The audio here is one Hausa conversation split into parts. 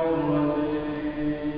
Oh, my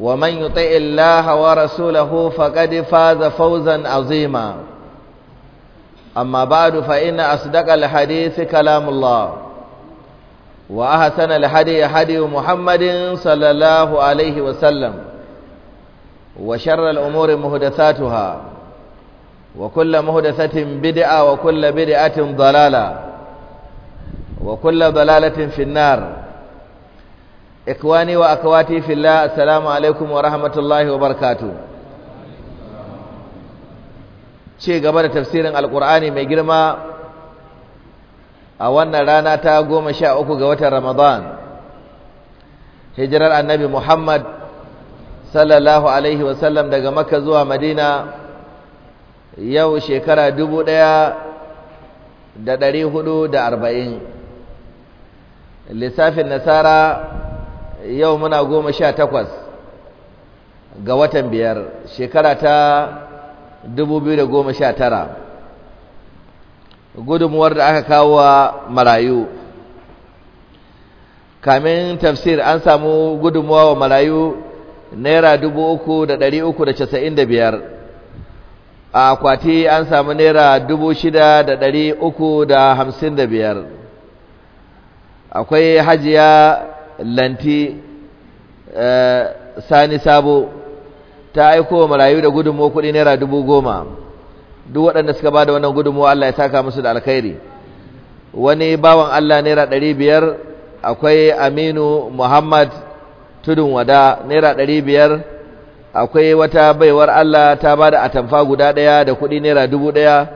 ومن يطع الله ورسوله فقد فاز فوزا عظيما أما بعد فإن أصدق الحديث كلام الله وأحسن الحدي حدي محمد صلى الله عليه وسلم وشر الأمور مهدثاتها وكل مهدثة بدعة وكل بدعة ضلالة وكل ضلالة في النار ikwani wa akwati fillah assalamu alaikum wa rahmatullahi wa barakatuh ce gaba da tafsirin alkur'ani mai girma a wannan rana ta goma sha uku ga watan ramadan hijirar annabi muhammad sallallahu alaihi wasallam daga makka zuwa madina yau shekara dubu ɗaya da ɗari hudu da arba'in lissafin nasara yau muna goma sha takwas ga watan biyar shekara ta dubu biyu da goma sha tara gudunmuwar da aka kawo wa marayu kamin tafsir an samu gudunmuwa wa marayu naira dubu uku da ɗari uku da casa'in da biyar a akwati an samu naira dubu shida da ɗari uku da hamsin da biyar akwai hajiya lanti eh, sani sabo ta aiko wa marayu da gudunmu kuɗi naira dubu goma duk waɗanda suka ba da wannan gudunmu Allah ya saka musu da alkhairi wani bawan Allah naira ɗari biyar akwai aminu muhammad tudun wada naira ɗari biyar akwai wata baiwar Allah ta ba da atamfa guda ɗaya da kuɗi naira dubu ɗaya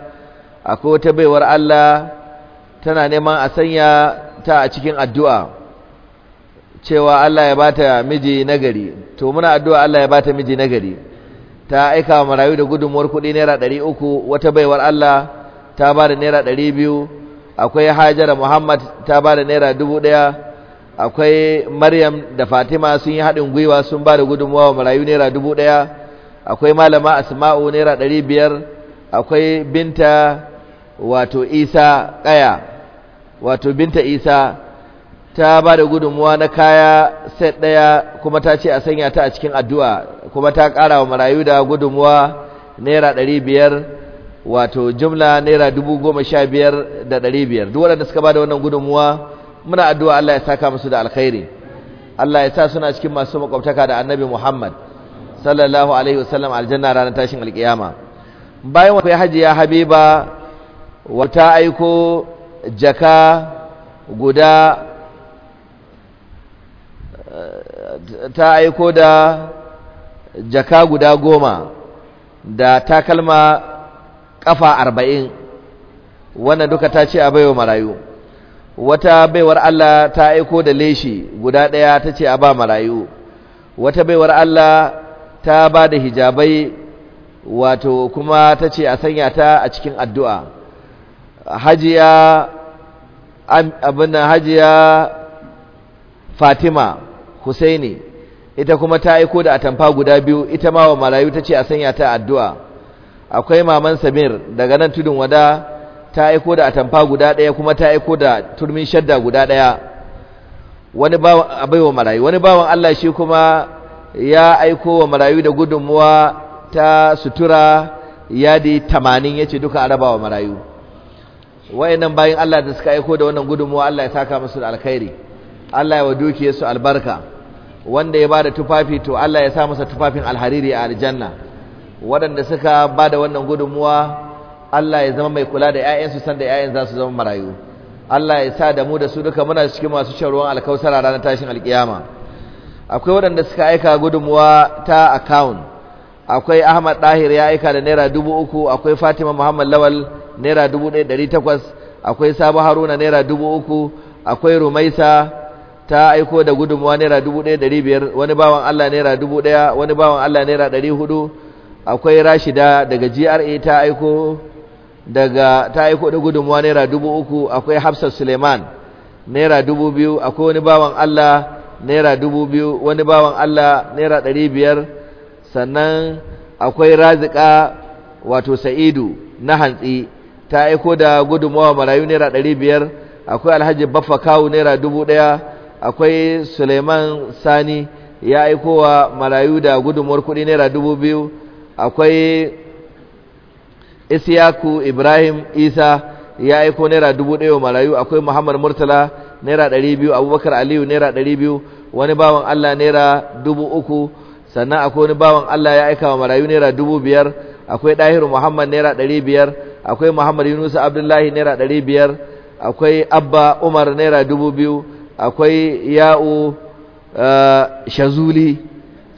akwai wata baiwar Allah tana neman a sanya ta a cikin addu'a cewa Allah ya bata miji nagari to muna addu'a Allah ya bata miji nagari ta aika wa marayu da gudunmuwar kuɗi naira ɗari uku wata baiwar Allah ta ba da naira ɗari biyu akwai hajara Muhammad ta ba da naira dubu ɗaya akwai Maryam da Fatima sun yi haɗin gwiwa sun ba da gudunmuwa wa marayu naira dubu ɗaya akwai malama Asma'u naira ɗari biyar akwai binta wato Isa ƙaya wato binta Isa ta ba da gudunmuwa na kaya set ɗaya kuma ta ce a sanya ta a cikin addu'a kuma ta ƙara wa marayu da gudunmuwa naira ɗari biyar wato jumla naira dubu goma sha biyar da ɗari biyar duk waɗanda suka ba da wannan gudunmuwa muna addu'a Allah ya saka musu da alkhairi Allah ya sa suna cikin masu makwabtaka da annabi Muhammad sallallahu alaihi wasallam aljanna ranar tashin alkiyama bayan wa hajiya habiba wata aiko jaka guda ta aiko da jaka guda goma da takalma kafa arba'in wannan duka ta ce a baiwa marayu wata baiwar Allah ta aiko da leshi guda ɗaya ta ce a ba marayu wata baiwar Allah ta ba da hijabai wato kuma ta ce a sanya ta a cikin addu'a hajiya abin hajiya fatima husaini ita kuma ta aiko da atamfa guda biyu ita ma wa malayu ta ce a sanya ta addu'a akwai maman samir daga nan tudun wada ta aiko da atamfa guda ɗaya kuma ta aiko da turmin shadda guda ɗaya wani bawan abai wa malayu wani bawan Allah shi kuma ya aiko wa malayu da gudunmuwa ta sutura yadi tamanin ya ce duka araba wa marayu nan bayan Allah da suka aiko da wannan gudunmuwa Allah ya saka musu da alkhairi Allah ya wa su albarka wanda ya bada tufafi to Allah ya sa masa tufafin alhariri a aljanna waɗanda suka bada wannan gudunmuwa Allah ya zama mai kula da ƴaƴansu sanda ƴaƴan za su zama marayu Allah ya sa da mu da su duka muna cikin masu shan ruwan alkausara ranar tashin alkiyama akwai waɗanda suka aika gudunmuwa ta account akwai Ahmad Dahir ya aika da naira dubu uku akwai Fatima Muhammad Lawal naira dubu ɗaya takwas akwai Sabo Haruna naira dubu uku akwai Rumaisa ta aiko da gudunmuwa naira dubu ɗaya ɗari biyar wani bawan Allah naira dubu ɗaya wani bawan Allah naira ɗari hudu akwai rashida daga GRA ta aiko daga ta aiko da gudunmuwa naira dubu uku akwai Hafsat Suleiman naira dubu biyu akwai wani bawan Allah naira dubu biyu wani bawan Allah naira ɗari biyar sannan akwai razika wato Sa'idu na hantsi ta aiko da gudunmuwa marayu naira ɗari biyar akwai Alhaji Baffa Kawu naira dubu ɗaya akwai suleiman sani ya aiko wa marayu da gudunmuwar kudi naira dubu biyu akwai isiyaku ibrahim isa ya aiko naira dubu daya wa marayu akwai muhammad murtala naira ɗari biyu abubakar aliyu naira ɗari biyu wani bawan allah naira dubu uku sannan akwai wani bawan allah ya aika wa marayu naira dubu biyar akwai ɗahiru muhammad naira ɗari biyar akwai muhammad yunusa abdullahi naira ɗari biyar akwai abba umar naira dubu biyu akwai ya'u uh, shazuli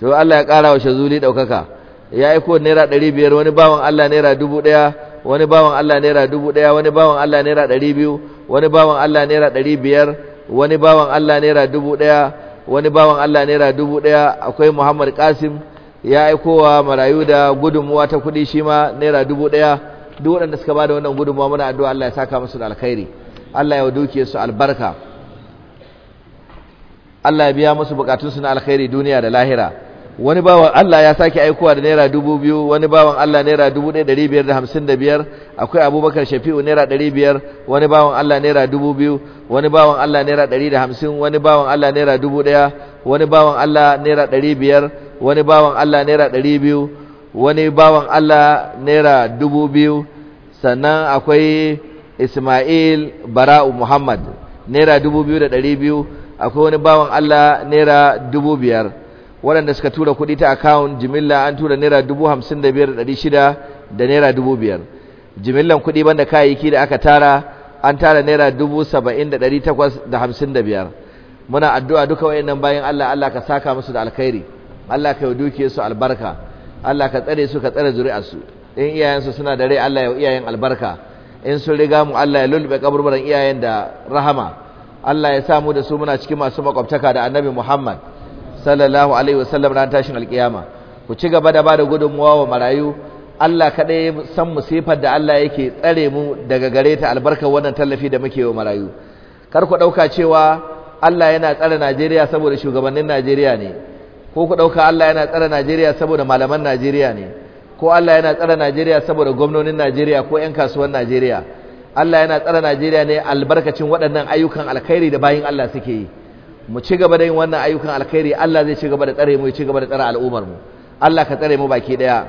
to Allah ya ƙara wa shazuli ɗaukaka ya aiko naira ɗari biyar wani bawan Allah naira dubu ɗaya wani bawan Allah naira dubu ɗaya wani bawan Allah naira ɗari biyu wani bawan Allah naira ɗari biyar wani bawan Allah naira dubu ɗaya wani bawan Allah naira dubu ɗaya akwai Muhammad Kasim ya wa marayu da gudunmuwa ta kuɗi shi ma naira dubu ɗaya duk waɗanda suka ba da wannan gudunmuwa muna addu'a Allah ya saka musu da alkhairi Allah ya duke su albarka Allah ya biya musu bukatunsu na alkhairi duniya da lahira wani bawan Allah ya sake aikowa da naira dubu biyu wani bawan Allah naira dubu ɗaya ɗari biyar da hamsin da biyar akwai abubakar shafi'u naira ɗari biyar wani bawan Allah naira dubu biyu wani bawan Allah naira ɗari da hamsin wani bawan Allah naira dubu ɗaya wani bawan Allah naira ɗari biyar wani bawan Allah naira ɗari biyu wani bawan Allah naira dubu biyu sannan akwai Ismail Bara'u Muhammad naira dubu biyu da ɗari biyu akwai wani bawan Allah naira dubu biyar waɗanda suka tura kuɗi ta akawun jimilla an tura naira dubu hamsin da biyar ɗari shida da naira dubu biyar jimillan kuɗi banda kayayyaki da aka tara an tara naira dubu saba'in da ɗari takwas da hamsin da biyar muna addu'a duka nan bayan Allah Allah ka saka musu da alkhairi Allah ka yi dukiya su albarka Allah ka tsare su ka tsare zuri'arsu in iyayensu suna da rai Allah ya iyayen albarka in sun riga mu Allah ya lulluɓe kaburburan iyayen da rahama Allah ya samu da su muna cikin masu makwabtaka da annabi Muhammad sallallahu alaihi wasallam ran tashin alkiyama ku ci gaba da ba da gudunmuwa wa marayu Allah kaɗai ya san musifar da Allah yake tsare mu daga gare ta albarkar wannan tallafi da muke wa marayu kar ku ɗauka cewa Allah yana tsare Najeriya saboda shugabannin Najeriya ne ko ku ɗauka Allah yana tsare Najeriya saboda malaman Najeriya ne ko Allah yana tsare Najeriya saboda gwamnonin Najeriya ko 'yan kasuwan Najeriya Allah yana tsara Najeriya ne albarkacin waɗannan ayyukan alkhairi da bayin Allah suke yi mu ci gaba da yin wannan ayyukan alkhairi Allah zai ci gaba da tsare mu ya ci gaba da tsare al'ummar mu Allah ka tsare mu baki daya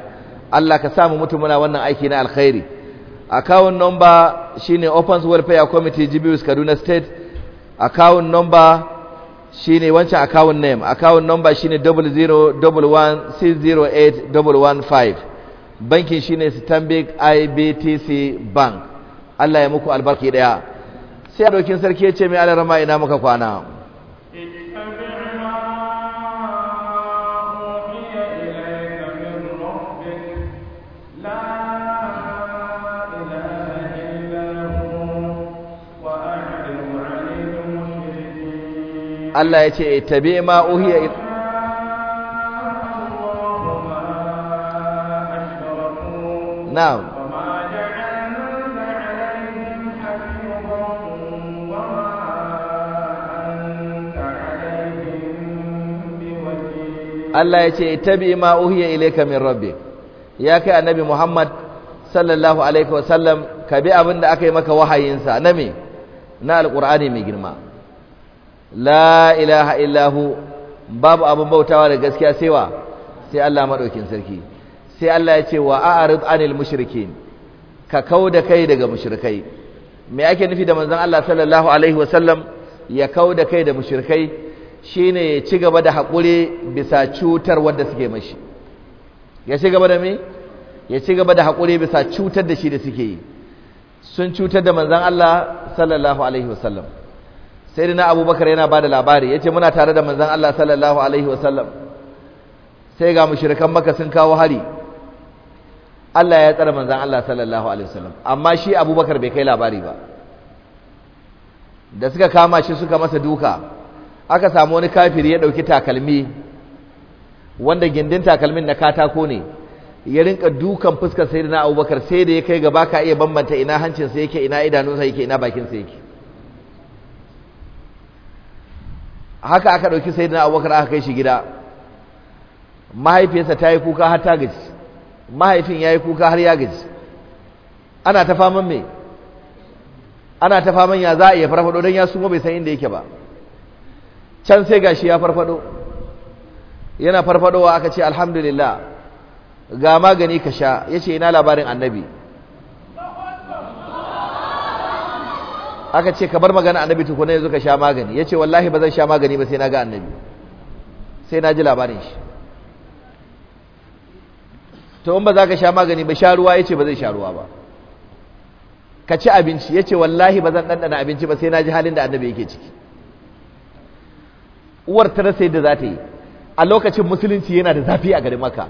Allah ka sa mu mutu muna wannan aiki na alkhairi account number shine Open Welfare Committee Jibius Kaduna State account number shine wancan account name account number shine 00116081115 bankin shine Stanbic IBTC Bank Allah ya muku albarki daya sai dokin sarki ya ce mai alarama ina muka kwana Allah ya ce tabi ma uhiya na'am Allah ya ce tabi ma uhiya ilayka min rabbik ya kai annabi Muhammad sallallahu alaihi wasallam ka bi abin da aka yi maka wahayinsa na me na alqur'ani mai girma la ilaha illahu babu abin bautawa da gaskiya sai wa sai Allah madaukin sarki sai Allah ya ce wa a'rid anil mushrikin ka kauda kai daga mushrikai me ake nufi da manzon Allah sallallahu alaihi wasallam ya kauda kai da mushrikai shine ya ci gaba da haƙuri bisa cutar wadda suke mashi ya ci gaba da me ya ci gaba da haƙuri bisa cutar da shi da suke yi sun cutar da manzan Allah sallallahu alaihi wasallam sai dina abubakar yana ba da labari ya ce muna tare da manzan Allah sallallahu alaihi wasallam sai ga mushirikan maka sun kawo hari Allah ya tsara manzan Allah sallallahu alaihi wasallam amma shi abubakar bai kai labari ba da suka kama shi suka masa duka aka samu wani kafiri ya ɗauki takalmi wanda gindin takalmin na katako ne ya rinka dukan fuskar sai na abubakar sai da ya kai gaba ka iya bambanta ina hancinsa yake ina idanunsa yake ina bakinsa yake haka aka ɗauki sai na abubakar aka kai shi gida mahaifiyarsa ta yi kuka har ta gaji mahaifin ya yi kuka har ya gaji ana ta faman me ana ta faman ya za a iya farfaɗo don ya sumo bai san inda yake ba can sai gashi ya farfado yana farfadowa aka ce alhamdulillah ga magani ka sha ya ce ina labarin annabi aka ce ka bar magana annabi tukuna yanzu ka sha magani ya ce wallahi ba zan sha magani ba sai na ga annabi sai na ji labarin shi ta in ba za ka sha magani ba sha ruwa ya ce ba zai sha ruwa ba ka ci abinci ya ce wallahi ba zan ɗanɗana abinci ba sai na ji halin da annabi yake ciki uwar ta rasa yadda za ta yi a lokacin musulunci yana da zafi a garin maka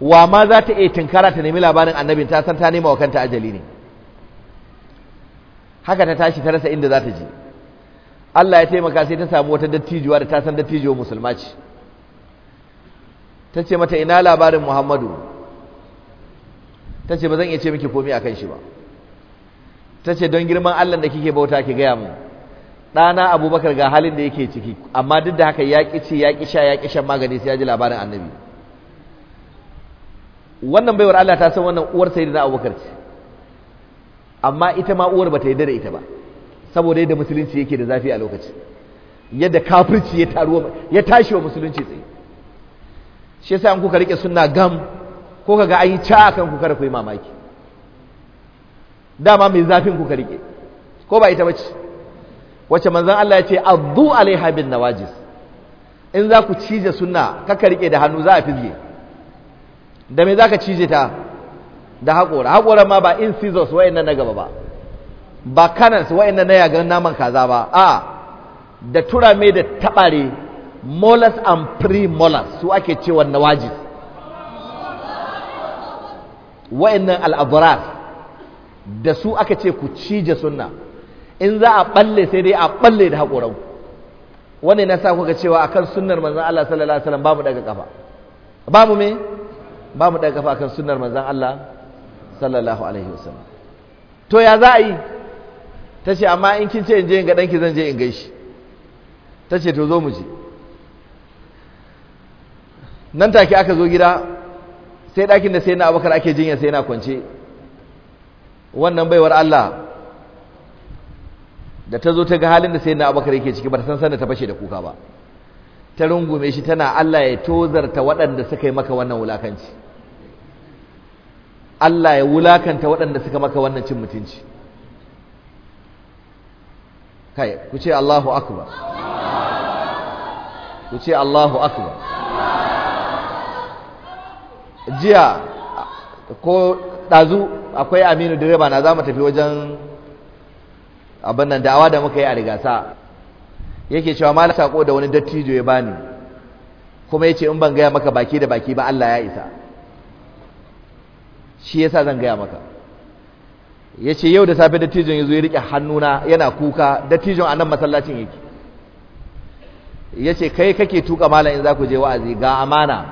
wa ma za ta iya tinkara ta nemi labarin annabin ta san ta nema wa kanta ajali ne haka ta tashi ta rasa inda za ta je Allah ya taimaka sai ta samu wata dattijuwa da ta san dattijuwa musulma ce ta ce mata ina labarin Muhammadu ta ce ba zan iya ce miki komi a kan shi ba ta ce don girman Allah da kike bauta ki gaya mu ɗana abubakar ga halin da yake ciki amma duk da haka ya ƙi ci ya ƙi sha ya ƙi shan magani sai ya ji labarin annabi wannan baiwar Allah ta san wannan uwar da abubakar ce amma ita ma uwar bata yarda da ita ba saboda yadda musulunci yake da zafi a lokaci yadda kafirci ya taruwa ya tashi wa musulunci tsaye shi yasa an kuka rike suna gam ko kaga an yi ca akan ku kada ku yi mamaki dama mai zafin kuka rike ko ba ita ce. wacce manzan Allah ya ce addu alaiha na wajis in za ku cije sunna kaka rike da hannu za a fizge da me za ka cije ta da haƙora haƙora ma ba in scissors wa'annan na gaba ba ba canons wa'annan na yagan naman kaza ba a da tura mai da taɓare molas and pre-molars su ake wajis nawajis wa'annan al'abaras da su aka ce ku cije sunna in za a balle sai dai a balle da haƙoran wannan na sa kuka cewa akan sunnar manzan Allah sallallahu alaihi wasallam babu daga kafa babu me babu daga kafa akan sunnar manzan Allah sallallahu alaihi wasallam to ya za a yi ta ce amma in kin ce in je in ga ɗanki zan je in gaishi ta ce to zo mu je nan take aka zo gida sai ɗakin da sai na abokar ake jinya sai na kwance wannan baiwar Allah da ta zo ta ga halin da sai na abakar yake ciki ba ta san sanda ta fashe da kuka ba ta rungume shi tana Allah ya tozarta waɗanda suka yi maka wannan wulakanci Allah ya wulakanta waɗanda suka maka wannan cin mutunci kai ku ce Allahu akbar ku ce Allahu akbar jiya ko ɗazu akwai aminu direba na za mu tafi wajen abin nan dawa da muka yi a rigasa yake cewa na sako da wani dattijo ya bani kuma yace in ban gaya maka baki da baki ba Allah ya isa shi yasa zan gaya maka yace yau da safe dattijon yazo ya rike hannuna yana kuka dattijon a nan masallacin yake yace kai kake tuka malam in za ku je wa'azi ga amana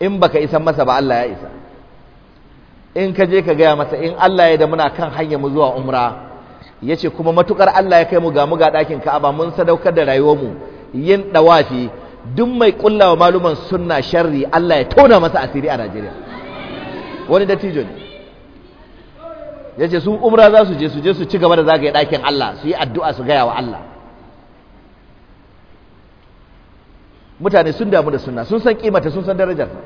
in baka isan masa ba Allah ya isa in ka je ka gaya masa in Allah ya da muna kan hanyar mu zuwa umra yace kuma matukar Allah ya kai mu ga mu ga dakin Ka'aba mun sadaukar da rayuwar mu yin dawafi duk mai wa maluman suna sharri Allah ya tona masa asiri a Najeriya wani dattijo ne yace su umra za su je su je su ci gaba da zagaye dakin Allah su yi addu'a su gaya wa Allah mutane sun damu da sunna sun san kimata sun san darajarta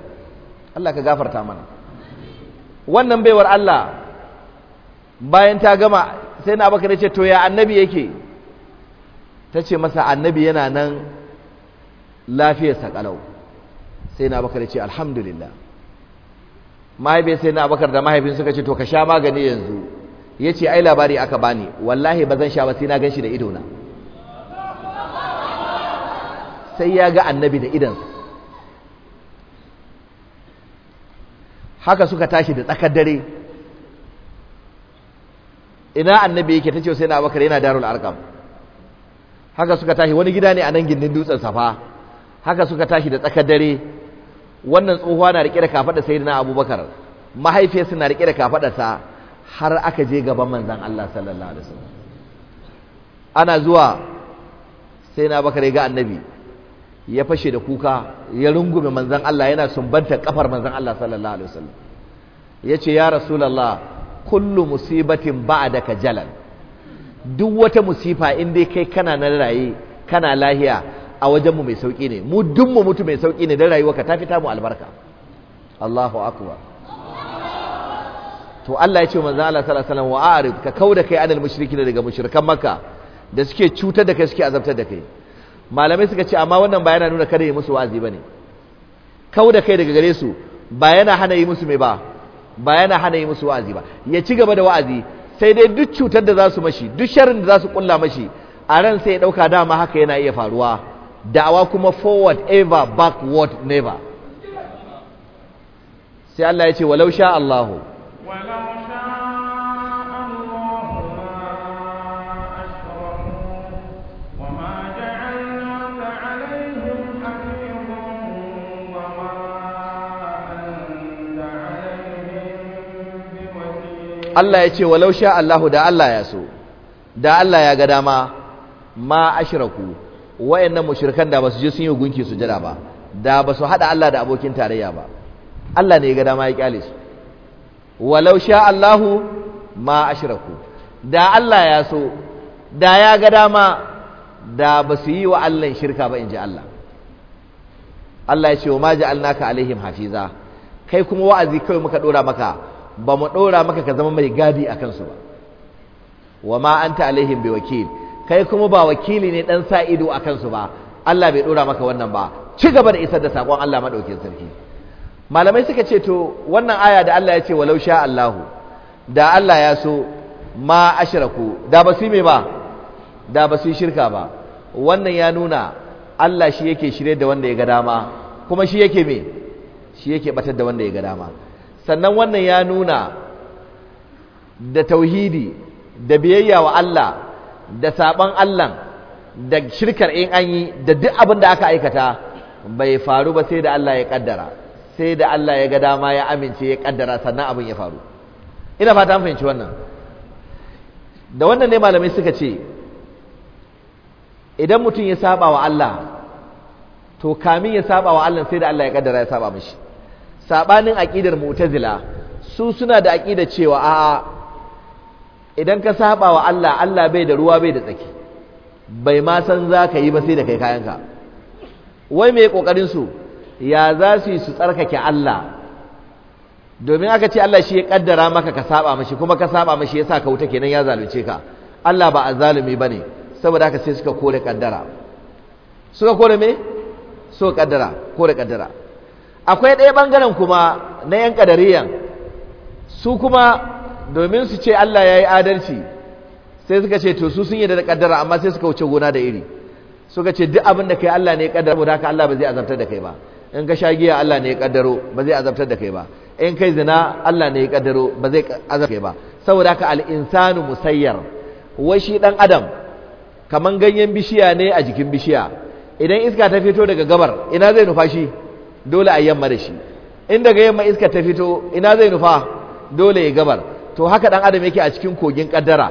Allah ka gafarta mana wannan baiwar Allah bayan ta gama sai na bakar ce to ya annabi yake ta ce masa annabi yana nan lafiyarsa kalau sai na bakar ce alhamdulillah mahaifin sai na bakar da mahaifin suka ce to ka sha magani yanzu ya ce ai labari aka bani wallahi ba zan sha ba sai na gan shi da idona sai ya ga annabi da idansa haka suka tashi da tsakar dare ina annabi yake tace sai na abakar yana darul arqam haka suka tashi wani gida ne a nan gindin dutsen safa haka suka tashi da tsakar dare wannan tsohuwa na rike da kafada sayyidina abubakar mahaifiyarsa na rike da ta har aka je gaban manzon Allah sallallahu alaihi wasallam ana zuwa sai na bakar ya ga annabi ya fashe da kuka ya rungume manzon Allah yana sumbanta kafar manzon Allah sallallahu alaihi wasallam yace ya rasulullah kullu musibatin daga jalal duk wata musifa in dai kai kana nan raye kana lahiya a wajenmu mai sauki ne mu duk mu mutu mai sauki ne dan rayuwarka ta fita mu albarka Allahu akbar to Allah ya ce manzo Allah sallallahu alaihi wasallam wa a'rid ka kauda kai anil mushrikin daga mushrikan makka da suke cutar da kai suke azabtar da kai malamai suka ce amma wannan ba yana nuna kada yi musu wa'azi bane kauda kai daga gare su ba yana hana yi musu mai ba ba yana hana yi musu wa'azi ba ya ci gaba da wa'azi sai dai duk cutar da za su mashi duk sharin da za su kulla mashi a ran sai ya ɗauka dama haka yana iya faruwa da'awa kuma forward ever backward never sai Allah ya ce walau sha Allahu Allah ya ce walau sha Allahu da Allah ya so da Allah ya ga dama ma ashraku wayannan mushrikan da basu je sun yi gunki jira ba da basu hada Allah da abokin tarayya ba Allah ne ya ga dama ya kyale su walau sha Allahu ma ashraku da Allah ya so da ya ga dama da basu yi wa Allah shirka ba inji Allah Allah ya ce wa ma ja'alnaka alaihim hafiza kai kuma wa'azi kawai muka dora maka ba mu ɗora maka ka zama mai gadi a kansu ba wa ma anta alaihim bi wakil kai kuma ba wakili ne dan sa ido a kansu ba Allah bai ɗora maka wannan ba ci gaba da isar da sakon Allah madaukakin sarki malamai suka ce to wannan aya da Allah ya ce walau sha Allahu da Allah ya so ma ashraku da ba su me ba da ba su shirka ba wannan ya nuna Allah shi yake shirye da wanda ya ga dama kuma shi yake me shi yake batar da wanda ya ga dama sannan wannan ya nuna da tauhidi da biyayya wa Allah da saban Allah da shirkar in an yi da duk abin da aka aikata bai faru ba sai da Allah ya kaddara sai da Allah ya ga dama ya amince ya kaddara sannan abin ya faru ina fata an fahimci wannan da wannan ne malamai suka ce idan mutum ya saba wa Allah to kamin ya saba wa Allah sai da Allah ya kaddara ya saba mishi sabanin aqidar mu'tazila su suna da aqida cewa a idan ka saba wa Allah Allah bai da ruwa bai da tsaki bai ma san za ka yi ba sai da kai kayanka wai me kokarin su ya za su yi su tsarkake Allah domin aka ce Allah shi ya ƙaddara maka ka saba mashi kuma ka saba mashi yasa ka wuta kenan ya zalunce ka Allah ba azzalumi bane saboda haka sai suka kore kaddara suka kore me so kaddara kore kaddara akwai ɗaya ɓangaren kuma na 'yan ƙadariyan su kuma domin su ce Allah ya yi adalci sai suka ce to su sun yi da ƙaddara amma sai suka wuce gona da iri suka ce duk abin da kai Allah ne ya ƙaddara saboda haka Allah ba zai azabtar da kai ba in ka sha giya Allah ne ya ƙaddaro ba zai azabtar da kai ba in kai zina Allah ne ya ƙaddaro ba zai azabtar da kai ba saboda haka al-insanu musayyar wai shi dan adam kaman ganyen bishiya ne a jikin bishiya idan iska ta fito daga gabar ina zai nufa shi dole a yamma da shi in daga yamma iska ta fito ina zai nufa dole ya gabar to haka dan adam yake a cikin kogin kaddara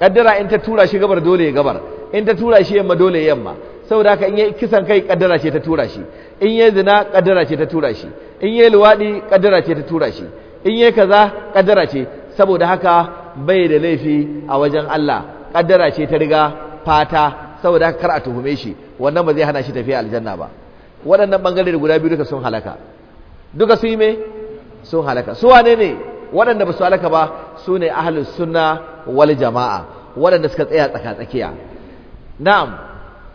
kaddara in ta tura shi gabar dole ya gabar in ta tura shi yamma dole ya yamma saboda haka in yi kisan kai kaddara ce ta tura shi in yi zina kaddara ce ta tura shi in yi luwaɗi kaddara ce ta tura shi in yi kaza kaddara ce saboda haka bai da laifi a wajen Allah kaddara ce ta riga fata saboda haka kar a tuhume shi wannan ba zai hana shi tafiya aljanna ba waɗannan ɓangare guda biyu duka sun halaka duka su yi mai sun halaka su wane ne waɗanda ba su halaka ba su ne ahalin suna wal jama'a waɗanda suka tsaya tsaka-tsakiya na'am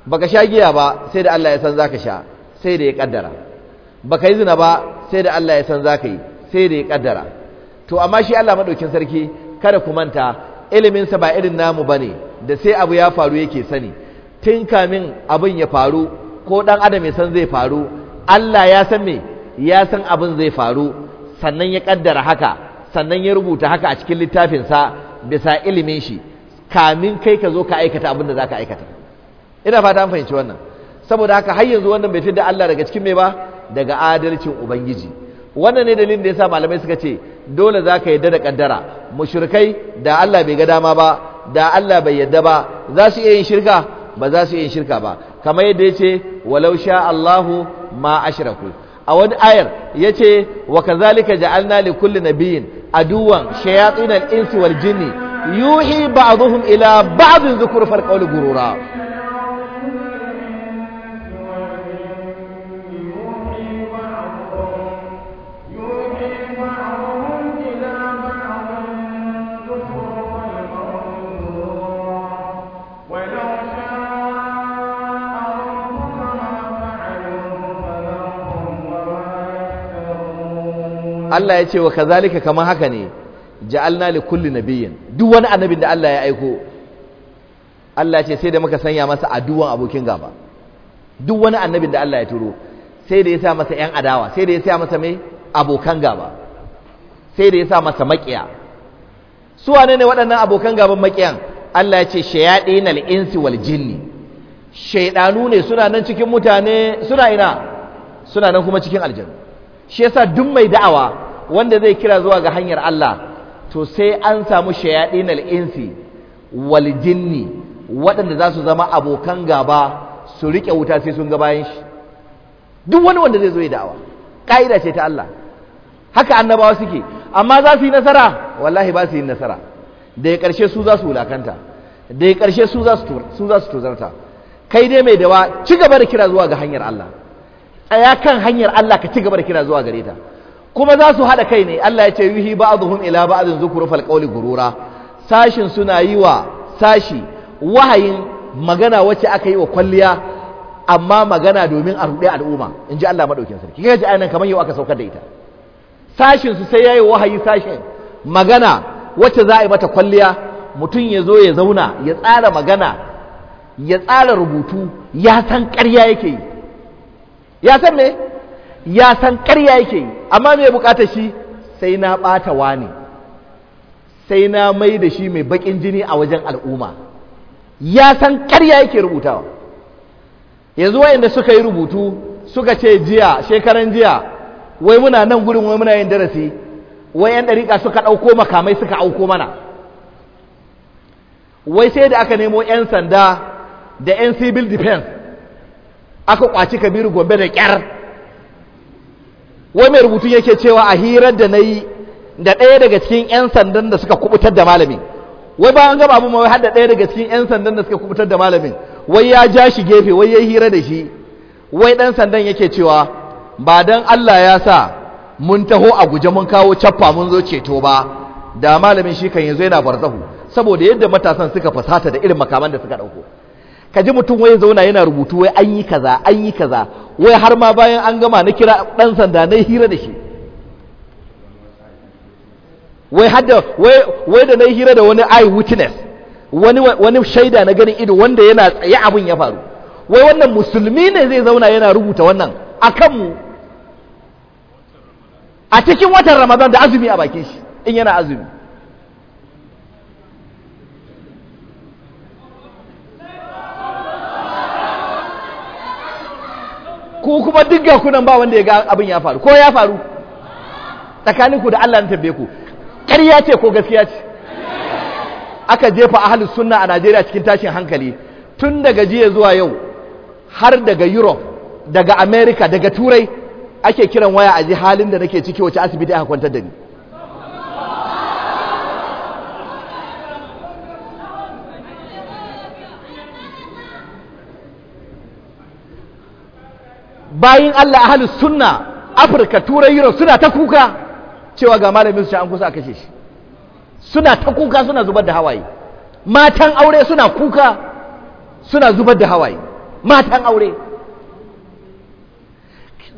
Ba ka sha giya ba sai da Allah ya san za ka sha sai da ya ƙaddara. Ba ka yi zina ba sai da Allah ya san za ka yi sai da ya ƙaddara. to amma shi Allah maɗaukin sarki kada ku manta iliminsa ba irin namu ba ne da sai abu ya faru yake sani tun kamin abin ya faru ko ɗan adam ya san zai faru Allah ya san me ya san abin zai faru sannan ya kaddara haka sannan ya rubuta haka a cikin littafinsa bisa ilimin shi kamin kai ka zo ka aikata abin da za ka aikata ina fata an fahimci wannan saboda haka har yanzu wannan bai fi da Allah daga cikin me ba daga adalcin ubangiji wannan ne dalilin da yasa malamai suka ce dole za ka yadda da kaddara mushrikai da Allah bai ga dama ba da Allah bai yadda ba za su iya yin shirka ba za su iya yin shirka ba kamar yadda yace walau sha Allahu ma ashraku a wani ayar yace wa kazalika ja'alna li kulli nabiyyin aduwan shayatin al-insi wal jinni yuhi ba'dhum ila ba'd zukurfar fal gurura Allah ya ce wa kazalika kamar haka ne ja'alna li kulli nabiyyin duk wani annabin da Allah ya aiko Allah ce sai da muka sanya masa aduwan abokin gaba duk wani annabin da Allah ya turo sai da ya sa masa yan adawa sai da ya sa masa mai abokan gaba sai da ya sa masa makiya su wane ne waɗannan abokan gaban makiyan Allah ya ce shayadin al-insi wal jinni shaydanu ne suna nan cikin mutane suna ina suna nan kuma cikin aljanna shi yasa duk mai da'awa wanda zai kira zuwa ga hanyar Allah to sai an samu shayadinal insi wal jinni waɗanda za su zama abokan gaba su riƙe wuta sai sun ga bayan shi duk wani wanda zai zo ya da'awa ƙa'ida ce ta Allah haka annabawa suke amma za su yi nasara wallahi ba su yi nasara da ya ƙarshe su za su wulakanta da ya ƙarshe su za su tozarta kai dai mai dawa ci gaba da kira zuwa ga hanyar Allah tsaya kan hanyar Allah ka ci gaba da kira zuwa gare ta kuma za su haɗa kai ne Allah ya ce yuhi ba'dhum ila ba'dhin zukrufal qawli gurura sashin suna yi wa sashi wahayin magana wacce aka yi wa kwalliya amma magana domin a ruɗe al'umma in ji Allah maɗaukin sarki kika ji ainihin kamar yau aka saukar da ita sashin su sai yayi wahayi sashin magana wacce za a yi mata kwalliya mutum ya zo ya zauna ya tsara magana ya tsara rubutu ya san ƙarya yake yi ya san me ya san ƙarya yake yi amma mai bukatar shi sai na ɓata ne, sai na mai da shi mai baƙin jini a wajen al'umma ya san ƙarya yake rubutawa yanzu inda suka yi rubutu suka ce jiya shekaran jiya wai muna nan gudun wai muna yin darasi wai yan ɗariƙa suka ɗauko makamai suka auko mana wai sai da aka nemo 'yan sanda da 'yan civil defense aka kwaci kabiru gombe da ƙyar wai mai rubutun yake cewa a hirar da na yi da ɗaya daga cikin 'yan sandan da suka kubutar da malamin wai ba an gaba abu mawai hada ɗaya daga cikin 'yan sandan da suka kubutar da malamin wai ya ja shi gefe wai ya hira da shi wai ɗan sandan yake cewa ba don Allah ya sa mun taho a guje mun kawo cappa mun zo ceto ba da malamin shi kan yanzu yana barzahu saboda yadda matasan suka fasata da irin makaman da suka ɗauko ka ji mutum wai zauna yana rubutu wai an yi kaza an yi kaza wai har ma bayan an gama na kira dan sanda na hira da shi wai hadda wai da na hira da wani eye witness wani wani shaida na ganin ido wanda yana tsaye abin ya faru wai wannan musulmi ne zai zauna yana rubuta wannan akan mu a cikin watan Ramadan da azumi a bakin shi in yana azumi ku kuma duk ga kunan ba wanda ya ga abin ya faru ko ya faru tsakanin ku da Allah na tabbe ku ƙarya ce ko gaskiya ce aka jefa ahlus sunna a Najeriya cikin tashin hankali tun daga jiya zuwa yau har daga Europe daga America daga Turai ake kiran waya a ji halin da nake ciki wace asibiti aka kwantar da ni bayin Allah ahlus sunna Afirka turai yiro suna ta kuka cewa ga malamin su an kusa a kashe shi suna ta kuka suna zubar da hawaye matan aure suna kuka suna zubar da hawaye matan aure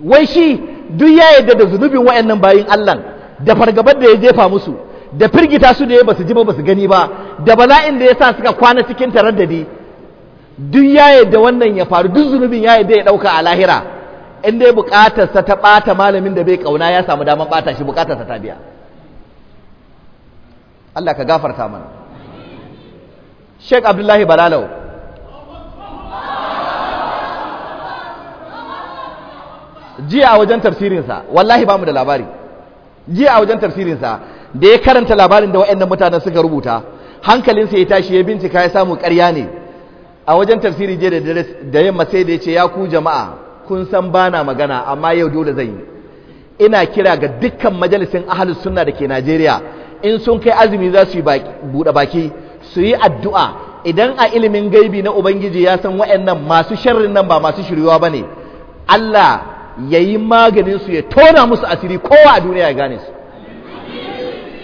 wai shi duk ya yadda da zunubin wayannan bayin Allah da fargabar da ya jefa musu da firgita su da ya basu ji ba basu gani ba da bala'in da ya sa suka kwana cikin taraddadi duk ya yadda wannan ya faru duk zunubin ya yadda ya dauka a lahira in dai bukatarsa ta ɓata malamin da bai kauna ya samu damar ɓata shi bukatarsa ta biya Allah ka gafarta mana Sheikh Abdullahi Balalau jiya a wajen tafsirinsa wallahi ba mu da labari jiya a wajen tafsirinsa da ya karanta labarin da waɗannan mutanen suka rubuta hankalinsa ya tashi ya bincika ya samu ƙarya ne a wajen tafsiri je da yamma sai da ya ce ya ku jama'a kun san bana magana amma yau dole zai yi ina kira ga dukkan majalisin ahlus sunna da ke Najeriya in sun kai azumi za su yi buɗe baki su yi addu'a idan a ilimin gaibi na ubangiji ya san wa'annan masu sharrin nan ba masu shiryuwa ba ne Allah ya yi maganin su ya tona musu asiri kowa a duniya ya gane su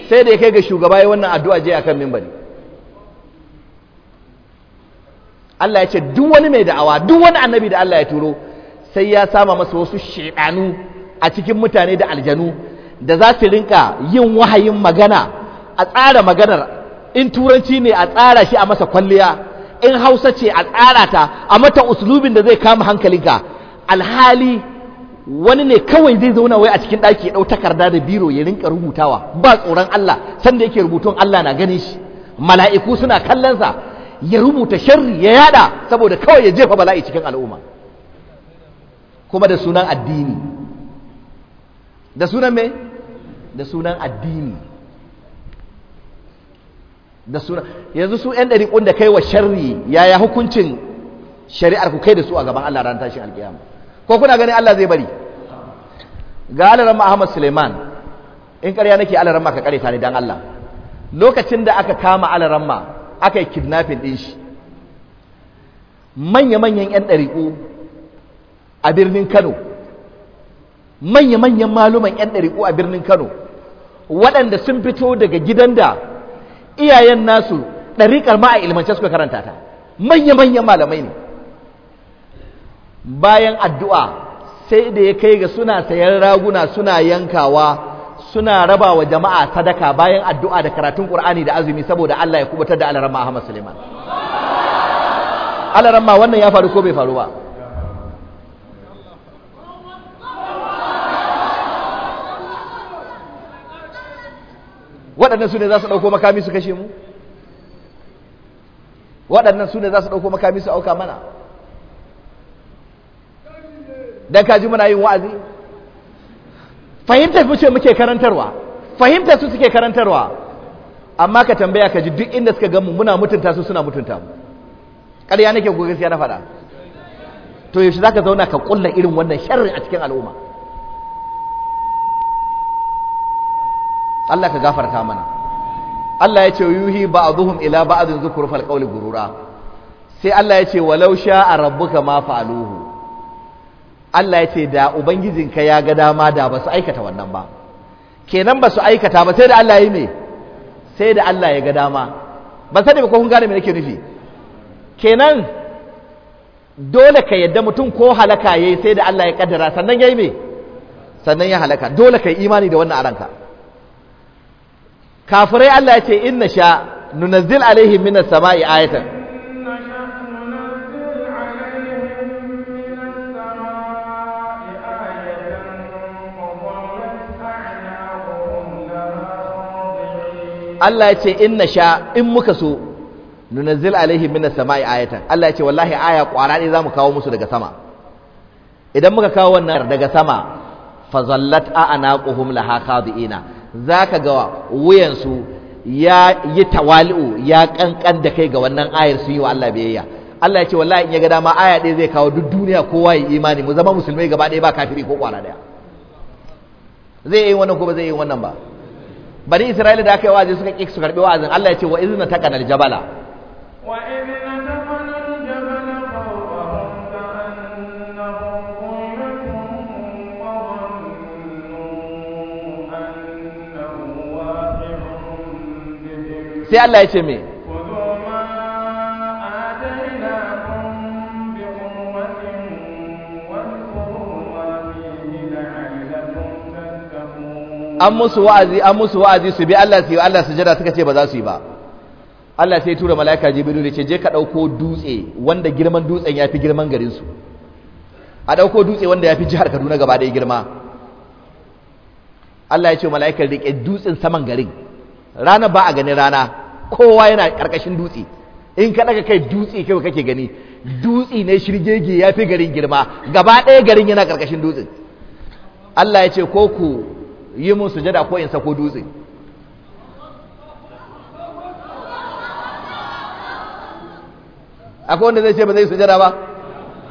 sai da ya kai ga shugaba ya wannan addu'a je akan ne. Allah ya ce duk mai da'awa duk wani annabi da Allah ya turo sai ya sama masa wasu shaidanu a cikin mutane da aljanu da za su rinka yin wahayin magana a tsara maganar in turanci ne a tsara shi a masa kwalliya in hausa ce a tsara ta a mata uslubin da zai kama hankalinka alhali wani ne kawai zai zauna wai a cikin ɗaki ɗau takarda da biro ya rinka rubutawa ba tsoron Allah sanda yake rubutun Allah na ganin shi mala'iku suna kallonsa ya rubuta sharri ya yada saboda kawai ya jefa bala'i cikin al'umma kuma da sunan addini da sunan me da sunan addini da sunan yanzu su yan ɗariƙun da kai wa sharri yaya hukuncin shari'ar ku kai da su a gaban Allah ran tashin alƙiyama ko kuna ganin Allah zai bari ga alaran Ahmad Suleiman in ƙarya nake alaran ka ƙare ne dan Allah lokacin da aka kama alaran aka yi kidnapping ɗin shi manya-manyan 'yan ɗariƙu a birnin Kano manya-manyan maluman 'yan ɗariƙo a birnin Kano waɗanda sun fito daga gidan da iyayen nasu ɗariƙar ma a ilmance suka karanta ta manya-manyan malamai ne bayan addu'a sai da ya kai ga suna sayan raguna suna yankawa suna raba wa jama'a sadaka bayan addu'a da karatun ƙur'ani da azumi saboda Allah ya kubutar da alarama Ahmad Suleiman. Alarama wannan ya faru ko bai faru ba? waɗannan su ne za su ɗauko makami su kashe mu waɗannan su ne za su ɗauko makami su auka mana don kaji muna yin wa'azi fahimtar mu ce muke karantarwa fahimta su suke karantarwa amma ka tambaya ka ji duk inda suka gamu muna mutunta su suna mutunta mu ƙarya nake ko ya na faɗa to yaushe za ka zauna ka ƙulla irin wannan sharrin a cikin al'umma Allah ka gafarta mana Allah ya ce yuhi ba'dhum ila ba'dhin zukrufal qawli gurura sai Allah ya ce walau sha'a rabbuka ma fa'aluhu Allah ya ce da ubangijinka ya ga dama da ba su aikata wannan ba kenan ba su aikata ba sai da Allah ya yi me sai da Allah ya ga dama ba sani ba ko kun gane me nake nufi kenan dole ka yadda mutum ko halaka yayi sai da Allah ya kaddara sannan yayi me sannan ya halaka dole ka yi imani da wannan aranka kafirai Allah ya ce in na sha nunazzil alaihim minas sama'i ayatan Allah ya ce in na sha in muka so nunazzil alaihim minas sama'i ayatan Allah ya ce wallahi aya kwara ne zamu kawo musu daga sama idan muka kawo wannan daga sama fazallat a'naquhum laha khadi'ina za ka ga wuyansu ya yi tawali'u ya kankan da kai ga wannan ayar sun yi wa Allah biyayya Allah ya ce wallahi in ya ga dama aya ɗaya zai kawo duk duniya kowa yi imani mu zama musulmai gaba ɗaya ba kafiri ko kwana ɗaya zai yi wannan ko ba zai yi wannan ba bani isra'ila da aka yi wa'azi suka ƙi su karɓi wa'azin Allah ya ce wa ta kanar jabala wa izina sai Allah ya ce me an musu wa'azi an musu wa'azi su bi Allah su yi Allah su jira suka ce ba za su yi ba Allah sai tura mala'ika da ce je ka dauko dutse wanda girman dutsen yafi girman garin su a dauko dutse wanda yafi jihar Kaduna gaba da girma Allah ya ce mala'ikar rike dutsen saman garin rana ba a ganin rana kowa yana ƙarƙashin dutse in ka ɗaga kai dutse kai kake gani dutse ne shirgege ya fi garin girma gaba ɗaya garin yana ƙarƙashin dutse Allah ya ce ko ku yi mun sujada ko in sako dutse akwai wanda zai ce ba zai sujada ba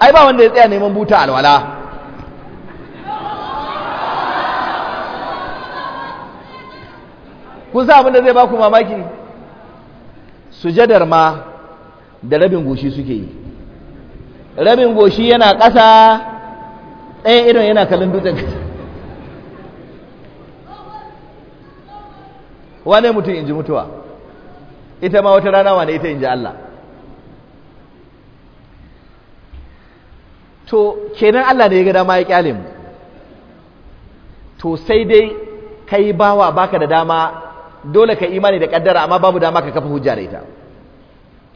ai ba wanda ya tsaya neman buta alwala kun sa abin da zai ba ku mamaki sujadar ma da rabin goshi suke yi rabin goshi yana ƙasa ɗaya idon yana kallon dutsen ƙasa wane mutum in ji mutuwa ita ma wata rana wane ita in ji Allah to kenan Allah da ya ga dama ya kyale mu to sai dai kai bawa baka da dama dole ka imani da kaddara amma babu dama ka kafa hujja da ita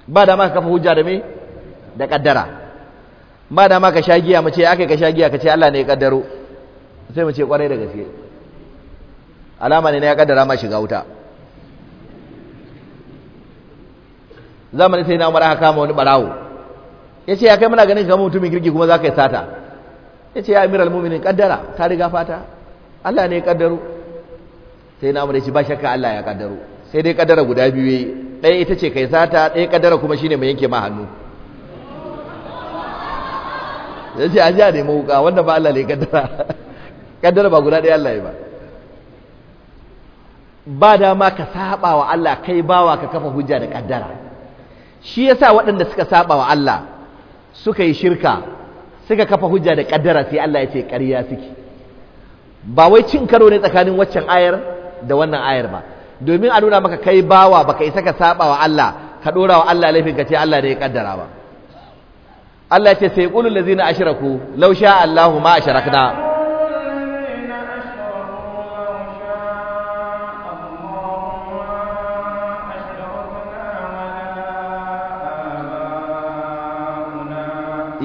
ba dama ka kafa hujja da me da kaddara ba dama ka shagiya mu ce aka ka shagiya ka ce Allah ne ya kaddaro sai mu ce kwarai da gaske alama ne na ya kaddara ma shiga wuta zamani sai na umar haka kama wani barawo ya ce ya kai muna ganin kamar mutumin girki kuma za ka yi sata ya ce ya amiral muminin kaddara ta riga fata Allah ne ya kaddaro sai na amurci ba shakka Allah ya kaddaro sai dai kaddara guda biyu ɗaya ita ce kai sata ɗaya kaddara kuma shine mai yanke ma hannu ya ce ajiya ne mawuka wanda ba Allah ne kaddara kaddara ba guda ɗaya Allah ya ba ba dama ka saba wa Allah kai bawa ka kafa hujja da kaddara shi yasa waɗanda suka saba wa Allah suka yi shirka suka kafa hujja da kaddara sai Allah ya ce ƙarya suke ba wai cin karo ne tsakanin waccan ayar da wannan ayar ba domin a nuna maka kai bawa baka isa ka saba wa Allah ka dora wa Allah laifin ka ce Allah ne ya kaddara ba Allah ya ce sai qulul ladzina ashraku law sha Allahu ma ashrakna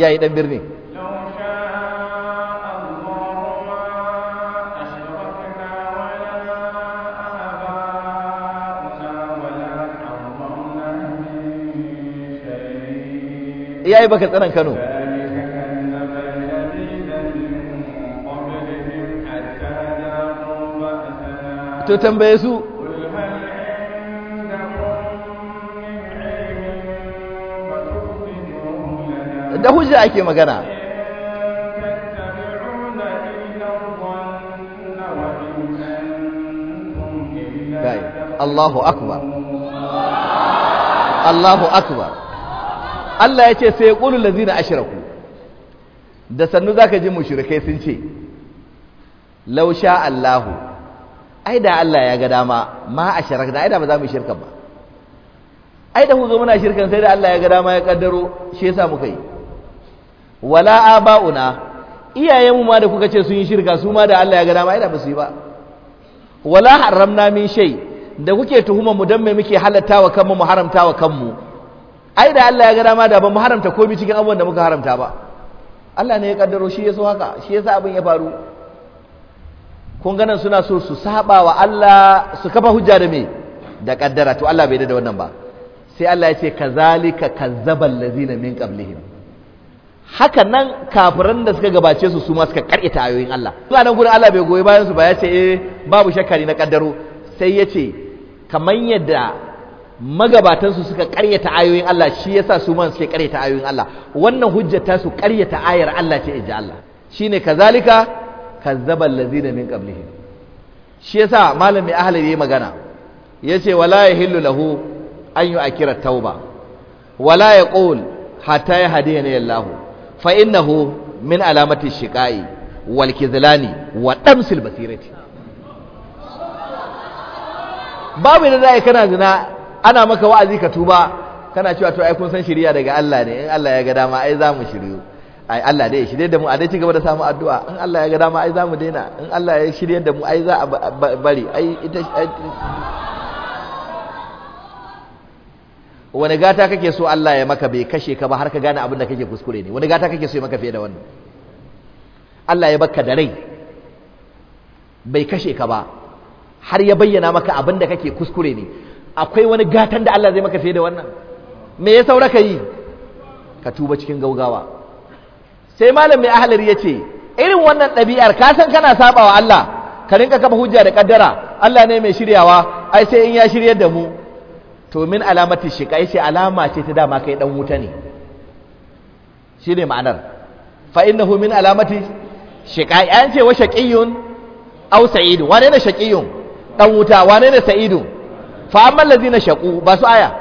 yayi dan birni yi baka tsanan Kano to tambaye su da hujja ake magana Allahu akbar Allahu akbar Allah ya ce sai ya ƙulu lazina ashiraku da sannu za ka ji mushrikai sun ce lausha Allahu ai da Allah ya ga dama ma a shirka ai da ba za mu shirka ba ai da ku zo muna shirkan sai da Allah ya ga dama ya kaddaro shi yasa muka yi wala aba'una iyayenmu ma da kuka ce sun yi shirka su ma da Allah ya ga dama ai da ba su yi ba wala haramna min shay da kuke tuhuma mu dan me muke halatta wa kanmu mu haramta wa kanmu ai da Allah ya ga dama da ba mu haramta komai cikin abubuwan da muka haramta ba Allah ne ya kaddaro shi ya so haka shi yasa abin ya faru kun ganin suna so su saba wa Allah su kafa hujja da me da kaddara to Allah bai da wannan ba sai Allah ya ce kazalika kazzabal ladina min qablihim haka nan kafiran da suka gabace su su ma suka karyata ayoyin Allah zuwa nan gurin Allah bai goyi bayan su ba ya ce eh babu shakkari na kaddaro sai ya ce kamar yadda magabatansu suka karyata ayoyin Allah shi yasa su man suke karyata ayoyin Allah wannan hujjata su karyata ayar Allah ce inji Allah shine kazalika kazzaba allazina min qablihim shi yasa malami ahli yayi magana yace wala yahillu lahu an yu'akira tauba wala yaqul hatta yahdiyani Allah fa innahu min alamati shiqai wal kizlani wa damsil basirati babu da zai kana zina ana maka wa'azi ka tuba kana cewa to ai kun san shiriya daga Allah ne in Allah ya ga dama ai za mu shiryu ai Allah dai shirye da mu a dai ci gaba da samu addu'a in Allah ya ga dama ai za mu daina in Allah ya shirye da mu ai za a bari ai ita wani gata kake so Allah ya maka bai kashe ka ba har ka gane abin da kake kuskure ne wani gata kake so ya maka fiye da wannan Allah ya baka da rai bai kashe ka ba har ya bayyana maka abin da kake kuskure ne akwai wani gatan da Allah zai maka fiye da wannan me ya saura ka yi ka tuba cikin gaugawa sai malam mai ahalari ya ce irin wannan ɗabi'ar ka san kana saba wa Allah ka rinka kafa hujja da kaddara Allah ne mai shiryawa ai sai in ya shiryar da mu to min alamati shi kai sai alama ce ta dama kai dan wuta ne Shi ne ma'anar fa innahu min alamati shika an ce wa shaqiyun aw sa'id wane ne shaqiyun dan wuta wane ne sa'idun fa lazi na shaƙu ba su aya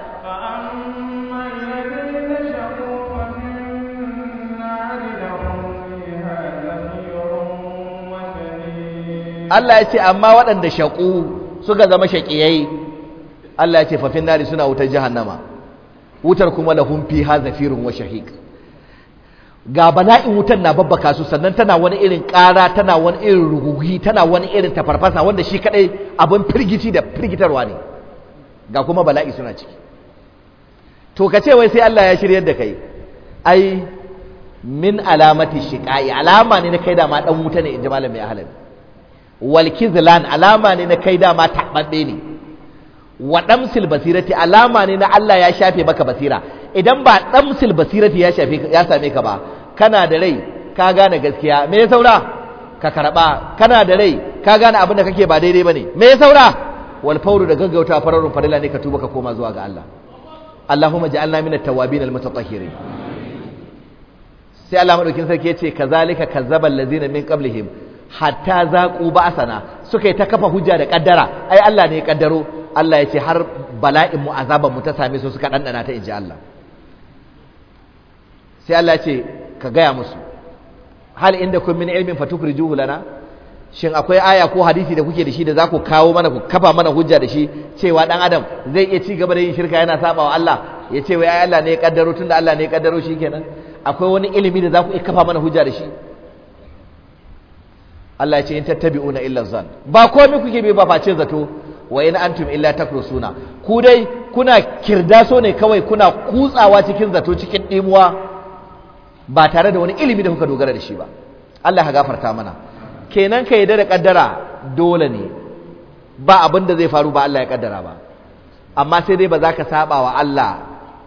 Allah ya ce amma waɗanda shaƙu suka zama shaƙiyai Allah ya ce fafin nari suna wutar nama, wutar kuma hunfi ha zafirun wa shahik ga bala'in wutar na babbaka su sannan tana wani irin ƙara tana wani irin rugugi tana wani irin tafarfasa wanda shi kaɗai abin firgici da firgitarwa ne ga kuma bala'i suna ciki to ka ce wai sai Allah ya shiryar da kai ai min alamati shiqai alama ne na kai da ma dan wuta ne in inji malami ahlan wal kizlan alama ne na kai da ma tababbe ne wa damsil basirati alama ne na Allah ya shafe maka basira idan ba damsil basirati ya shafe ya same ka ba kana da rai ka gane gaskiya me ya saura ka karba kana da rai ka gane abin da kake ba daidai bane me ya saura Walfauru da gaggauta fararun farilla ne ka tuba ka koma zuwa ga Allah Allahumma ja'alna min at-tawwabin al-mutatahhirin sai Allah madaukin sarki yace kazalika kazzaba allazina min qablihim hatta zaqu ba'sana suka yi ta kafa hujja da kaddara ai Allah ne ya kaddaro Allah yace har bala'in mu azaban mu ta same su suka dandana ta inji Allah sai Allah yace ka gaya musu hal inda kun min ilmin fatukhrijuhu lana shin akwai aya ko hadisi da kuke da shi da za ku kawo mana ku kafa mana hujja da shi cewa dan adam zai iya ci gaba da yin shirka yana saba wa Allah ya ce wai ai Allah ne ya kaddaro tunda Allah ne ya kaddaro shi kenan akwai wani ilimi da za ku iya kafa mana hujja da shi Allah ya ce in tattabi'una illa zan ba komai kuke bi ba face zato wa in antum illa takrusuna ku dai kuna kirdaso ne kawai kuna kutsawa cikin zato cikin dimuwa ba tare da wani ilimi da kuka dogara da shi ba Allah ya gafarta mana kenan ka yadda da kaddara dole ne ba abin da zai faru ba Allah ya kaddara ba amma sai dai ba za ka saba wa Allah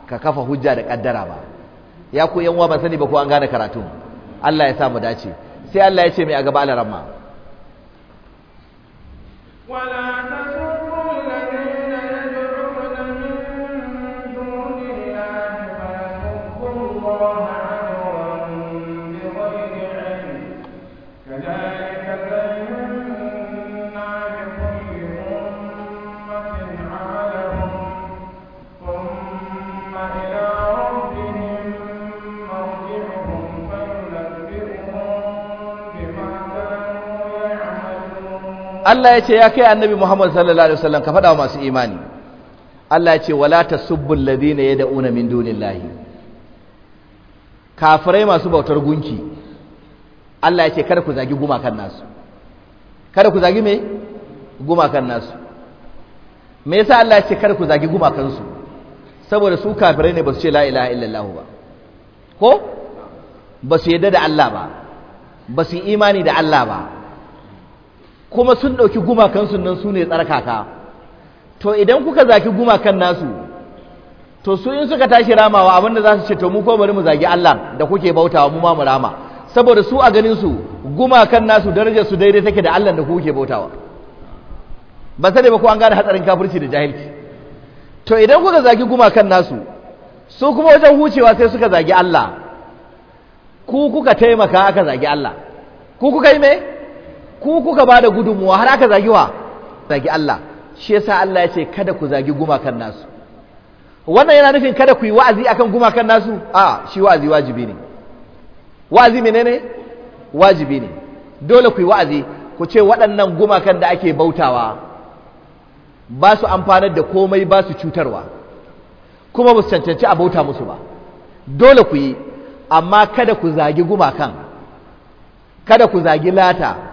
ka kafa hujja da ƙaddara ba ya ku yan uwa sani ba ko an gane karatu Allah ya samu dace sai Allah ya ce mai a gaba alaramma wala Allah ya ce ya kai annabi Muhammad sallallahu alaihi wasallam ka faɗa wa masu imani Allah ya ce wala tasubbul ladina yad'una min dunillahi kafirai masu bautar gunki Allah ya ce kada ku zagi gumakan nasu kada ku zagi me gumakan nasu me yasa Allah ya ce kada ku zagi gumakan su saboda su kafirai ne ba su ce la ilaha illallah ba ko ba su yarda da Allah ba ba su imani da Allah ba kuma sun ɗauki gumakansu nan su ne tsarkaka to idan kuka zaki gumakan nasu to su in suka tashi ramawa abinda za su ce to mu ko bari mu zagi Allah da kuke bautawa mu ma mu rama saboda su a ganin su gumakan nasu darajar su daidai take da Allah da kuke bautawa ba sai ba ku an gane hatsarin kafirci da jahilci to idan kuka zaki gumakan nasu su kuma wajen hucewa sai suka zagi Allah ku kuka taimaka aka zagi Allah ku kuka yi me ku kuka ba da gudunmuwa har aka zagi wa zagi Allah shi yasa Allah ya ce kada ku zagi gumakan nasu wannan yana nufin kada ku yi wa'azi akan gumakan nasu a shi wa'azi wajibi ne wa'azi menene wajibi ne dole ku yi wa'azi ku ce waɗannan gumakan da ake bautawa ba su amfanar da komai ba su cutarwa kuma ba su cancanci a bauta musu ba dole ku yi amma kada ku zagi gumakan kada ku zagi lata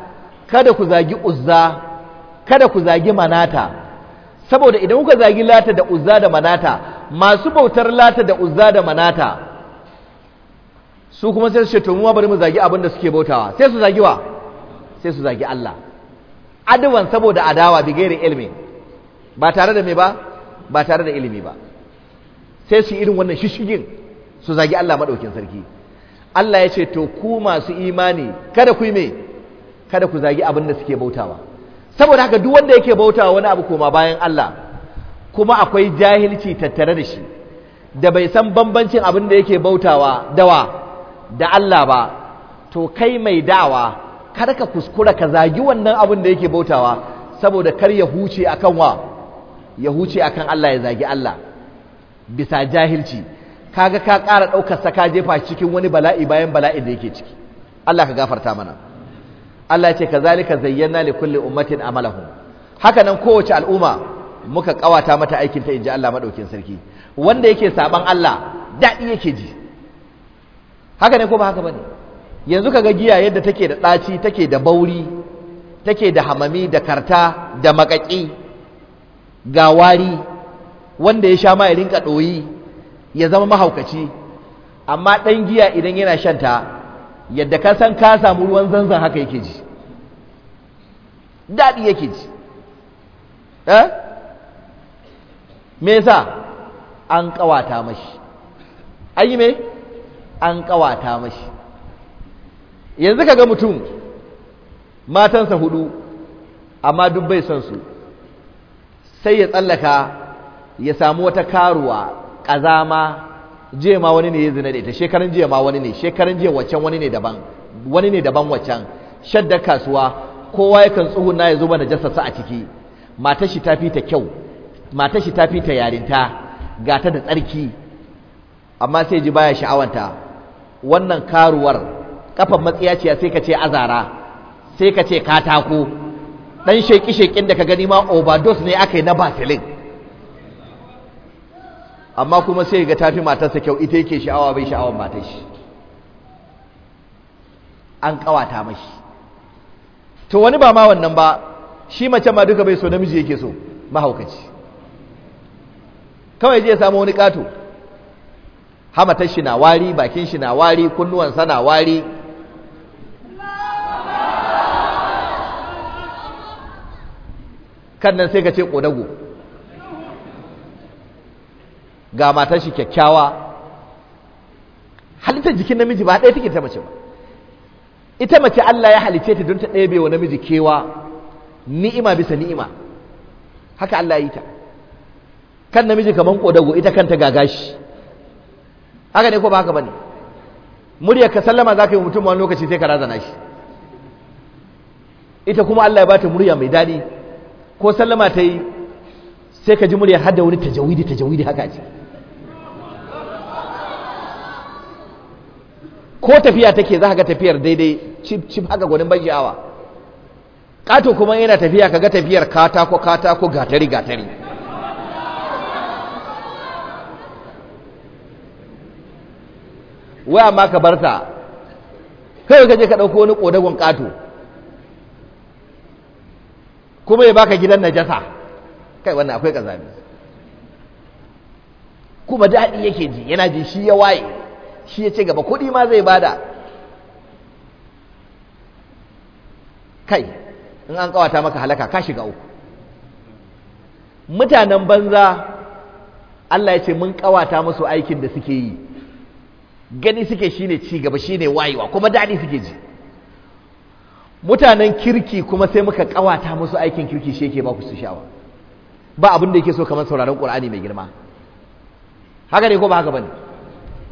kada ku zagi uzza kada ku zagi manata saboda idan kuka zagi lata da uzza da manata masu bautar lata da uzza da manata su kuma sai su ce to mu bari mu zagi abin da suke bautawa sai su zagi wa sai su zagi Allah adawan saboda adawa bi gairi ilmi ba tare da me ba ba tare da ilimi ba sai su irin wannan shishigin su zagi Allah madaukin sarki Allah ya ce to ku masu imani kada ku yi me kada ku zagi abin da suke bautawa saboda haka duk wanda yake bautawa wani abu koma bayan Allah kuma akwai jahilci tattare da shi da bai san bambancin abin da yake bautawa dawa da Allah ba to kai mai da'awa kada ka kuskura ka zagi wannan abin da yake bautawa saboda kar ya huce akan wa ya huce akan Allah ya zagi Allah bisa jahilci kaga ka ƙara ɗaukar saka jefa cikin wani bala'i bayan bala'i da yake ciki Allah ka gafarta mana Allah ce kazalika zayyana li kulli ummatin amalahum haka nan kowace al'umma muka kawata mata aikin ta inji Allah madaukin sarki wanda yake saban Allah dadi yake ji haka ne ko ba haka bane yanzu kaga giya yadda take da daci take da bauri take da hamami da karta da makaki ga wari wanda ya sha ma ya rinka doyi ya zama mahaukaci amma dan giya idan yana shan ta yadda ka san ka samu ruwan zanzan haka yake ji daɗi yake ji eh me yasa an ƙawata mashi ayi me an ƙawata mashi yanzu kaga mutum matansa hudu amma duk bai son su sai ya tsallaka ya samu wata karuwa ƙazama jiya ma wani ne ya zina da ita shekaran jiya ma wani ne shekaran jiya waccan wani ne daban wani ne daban waccan shadda kasuwa kowa yakan na ya zuba najasarsa a ciki matar shi ta fita kyau matar shi ta fita yarinta gata da tsarki amma sai ji baya sha'awanta wannan karuwar kafan matsiyaciya sai ka ce azara sai ka ce katako dan sheki shekin da ka gani ma overdose ne aka yi na basilin amma kuma sai ga tafi matarsa kyau ita yake sha'awa bai sha'awan matar shi an kawata mashi to wani ba ma wannan ba shi mace ma duka bai so namiji yake so mahaukaci kawai je samu wani kato hamatar shi na wari bakin shi na wari kunnuwansa na wari kan nan sai ka ce ƙodago ga matar shi kyakkyawa halittar jikin namiji ba ɗaya take ta mace ba ita mace Allah ya halice ta don ta ɗaya bewa namiji kewa ni'ima bisa ni'ima haka Allah ya yi ta kan namiji kaman ƙodago ita kanta gagashi haka ne ko ba haka ne muryar ka sallama za ka yi mutum wani lokaci sai ka razana shi ita kuma Allah ya bata murya mai daɗi ko sallama ta yi sai ka ji murya har da wani tajawidi tajawidi haka ce ko tafiya take za ga tafiyar daidai cif cif haka gwanin ban sha'awa ƙato kuma yana tafiya ka ga tafiyar katako katako gatari gatari waya ma ka barta kai ka je ka ɗauko wani ƙodagon ƙato? kuma ya baka gidan najasa kai wannan akwai ƙazami, kuma daɗi yake ji yana ji shi ya waye shi ya ce gaba kuɗi ma zai bada kai in an kawata maka halaka ka shiga uku mutanen banza Allah ya ce mun kawata musu aikin da suke yi gani suke shine ci gaba shine wayewa kuma daɗi suke ji mutanen kirki kuma sai muka kawata musu aikin kirki shi yake ba ku su shawa ba abin da yake so kamar sauraron ƙur'ani mai girma haka ne ko ba haka bane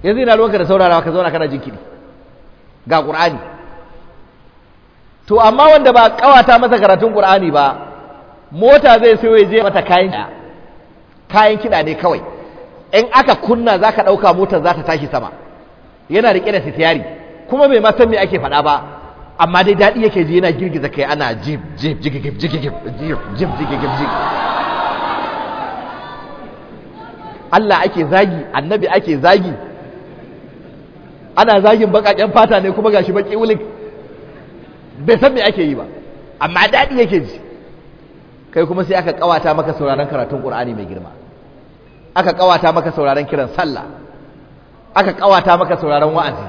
yanzu ina ruwanka da saurarawa ka zauna kana jinkiri ga ƙur'ani to amma wanda ba ƙawata masa karatun ƙur'ani ba mota zai sayo ya je mata kayan kayan kiɗa ne kawai in aka kunna za ka ɗauka mota za ta tashi sama yana riƙe da sitiyari kuma bai ma san me ake faɗa ba amma dai daɗi yake ji yana girgiza kai ana jib jib jigigib jigigib jib jib jigigib jigigib Allah ake zagi annabi ake zagi ana zagin bakaken fata ne kuma gashi baki wulik bai san me ake yi ba amma daɗi yake ji kai kuma sai aka kawata maka sauraron karatun Qur'ani mai girma aka kawata maka sauraron kiran sallah aka kawata maka sauraron wa'azi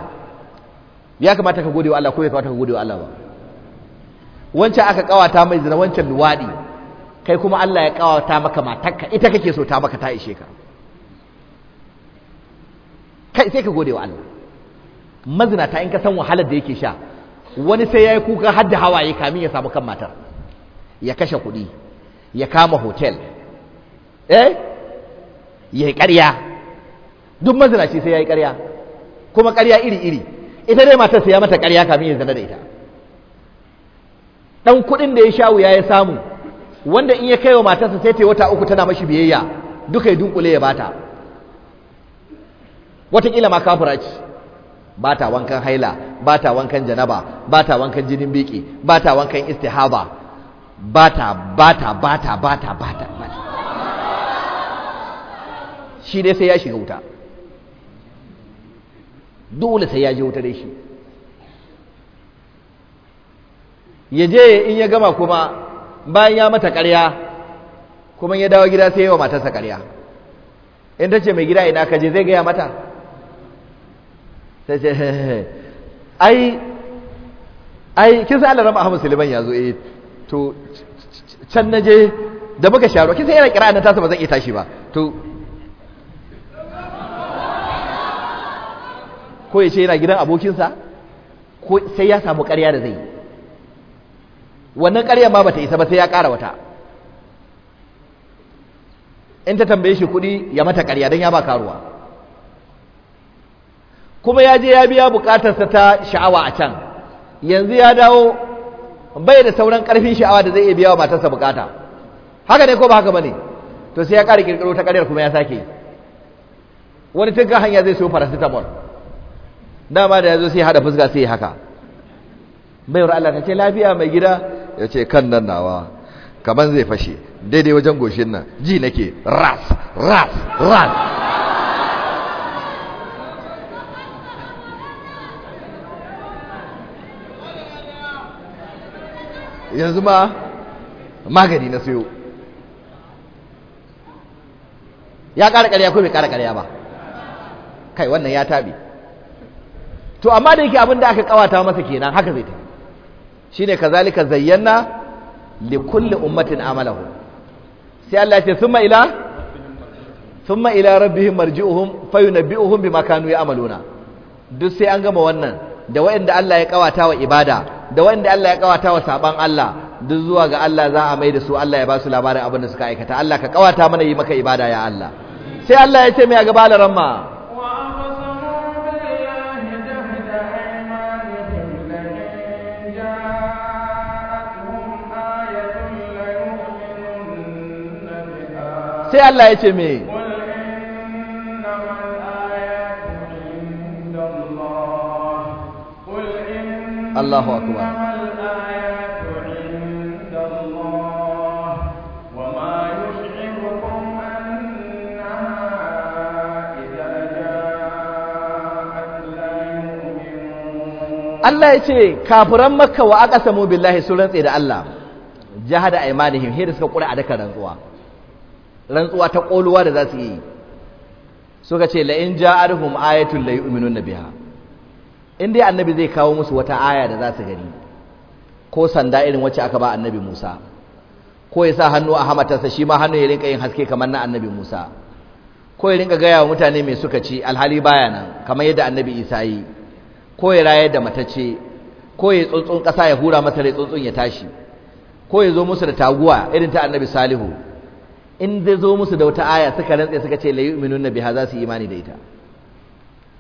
ya kamata ka gode wa Allah ko bai kamata ka gode wa Allah ba wancan aka kawata mai zina wancan luwadi kai kuma Allah ya kawata maka matarka ita kake so ta maka ta ishe ka kai sai ka gode wa Allah mazinata in ka san wahalar da yake sha wani sai ya yi kuka har da hawaye kamin ya samu kan matar ya kashe kuɗi ya kama hotel eh ya yi ƙarya duk mazinaci sai ya yi ƙarya kuma ƙarya iri-iri ita dai matar sai ya mata ƙarya kamin ya zana da ita ɗan kuɗin da ya sha wuya ya samu wanda in ya kai wa matarsa sai ta wata uku tana mashi biyayya duka ya dunkule ya bata watakila ma kafura ce ba ta wankan haila ba ta wankan janaba ba ta wankan jinin biki ba ta wankan istihaba ba ta ba ta ba ta ba ta ba ta ba ta shi dai sai ya shiga wuta dole sai ya je wuta dai shi ya je in ya gama kuma bayan ya mata karya kuma ya dawo gida sai wa matarsa karya in ta ce mai gida ina ka je zai gaya mata sai ce ai ai kin san Allah rama Ahmad Suleiman yazo eh to can naje da muka sharo kin san yana kira na tasa ba zan iya tashi ba to ko ya ce yana gidan abokinsa ko sai ya samu ƙarya da zai yi wannan ƙaryar ma bata isa ba sai ya ƙara wata in ta tambaye shi kuɗi ya mata ƙarya don ya ba karuwa kuma ya je ya biya bukatarsa ta sha'awa a can yanzu ya dawo bai da sauran karfin sha'awa da zai iya biya wa matarsa bukata haka ne ko ba haka bane to sai ya ƙara kirkiro ta ƙaryar kuma ya sake wani tun hanya zai siyo paracetamol dama da ya zo sai hada fuska sai haka baiwar Allah ta ce lafiya mai gida ya ce kan nan nawa kaman zai fashe daidai wajen goshin nan ji nake ras ras ras yanzu ma magani na sayo ya ƙara ƙarya ko bai ƙara ƙarya ba kai wannan ya tabi to amma da yake abin da aka kawata masa kenan haka zai tafi shine kazalika zayyana li kulli ummatin amalahu sai Allah ya ce summa ila summa ila rabbihim marji'uhum fayunabbi'uhum bima kanu ya'maluna duk sai an gama wannan da waɗanda Allah ya kawata wa ibada da wanda Allah ya kawata wa saban Allah duk zuwa ga Allah za a mai da su Allah ya ba su labarin abin da suka aikata Allah ka kawata mana yi maka ibada ya Allah sai Allah ya ce mai a gaba ma sai Allah ya ce mai Allahu akbar Allah ya ce kafiran makka wa aka samu billahi sun rantse da Allah jahada aimanihim hira suka kura a daka rantsuwa rantsuwa ta koluwa da za su yi suka ce la in ja'arhum ayatul la na biya. in dai annabi zai kawo musu wata aya da za su gani ko sanda irin wacce aka ba annabi Musa ko ya sa hannu a hamatarsa shi ma hannu ya rinka yin haske kamar na annabi Musa ko ya rinka gaya wa mutane mai suka ci alhali baya nan kamar yadda annabi Isa yi ko ya raya da matacce ko ya tsuntsun ƙasa ya hura masa rai tsuntsun ya tashi ko ya zo musu da taguwa irin ta annabi Salihu in zai zo musu da wata aya suka rantse suka ce la nabi ha za su yi imani da ita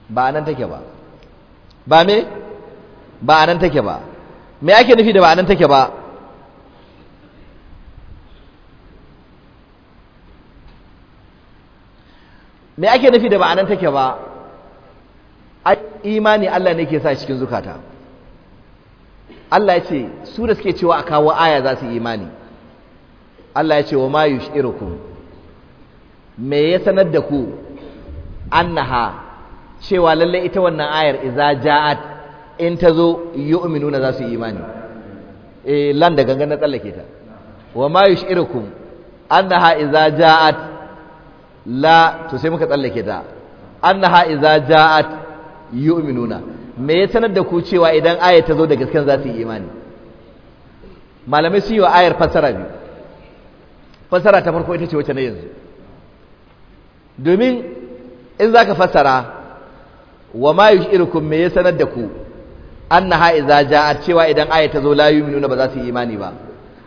ba nan take ba ba me ba anan take ba me ake nufi da ba anan take ba me ake nufi da ba anan take ba imani Allah ne ke sa cikin zukata Allah ya ce su da suke cewa a kawo aya za su imani Allah ya ce wa ma yushirukum me ya sanar da ku annaha cewa lallai ita wannan ayar iza ja'at in ta zo yu'minuna za su yi imani eh lan da gangan na tsallake ta wa ma yushirukum annaha iza ja'at la to sai muka tsallake ta annaha iza ja'at yu'minuna me ya sanar da ku cewa idan ayar ta zo da gaskan za su yi imani malamai sun yi wa ayar fassara biyu fassara ta farko ita ce wacce na yanzu domin in za ka fassara wa ma yushirukum me ya sanar da ku annaha idza ja'at cewa idan aya ta zo la yu'minuna ba za su yi imani ba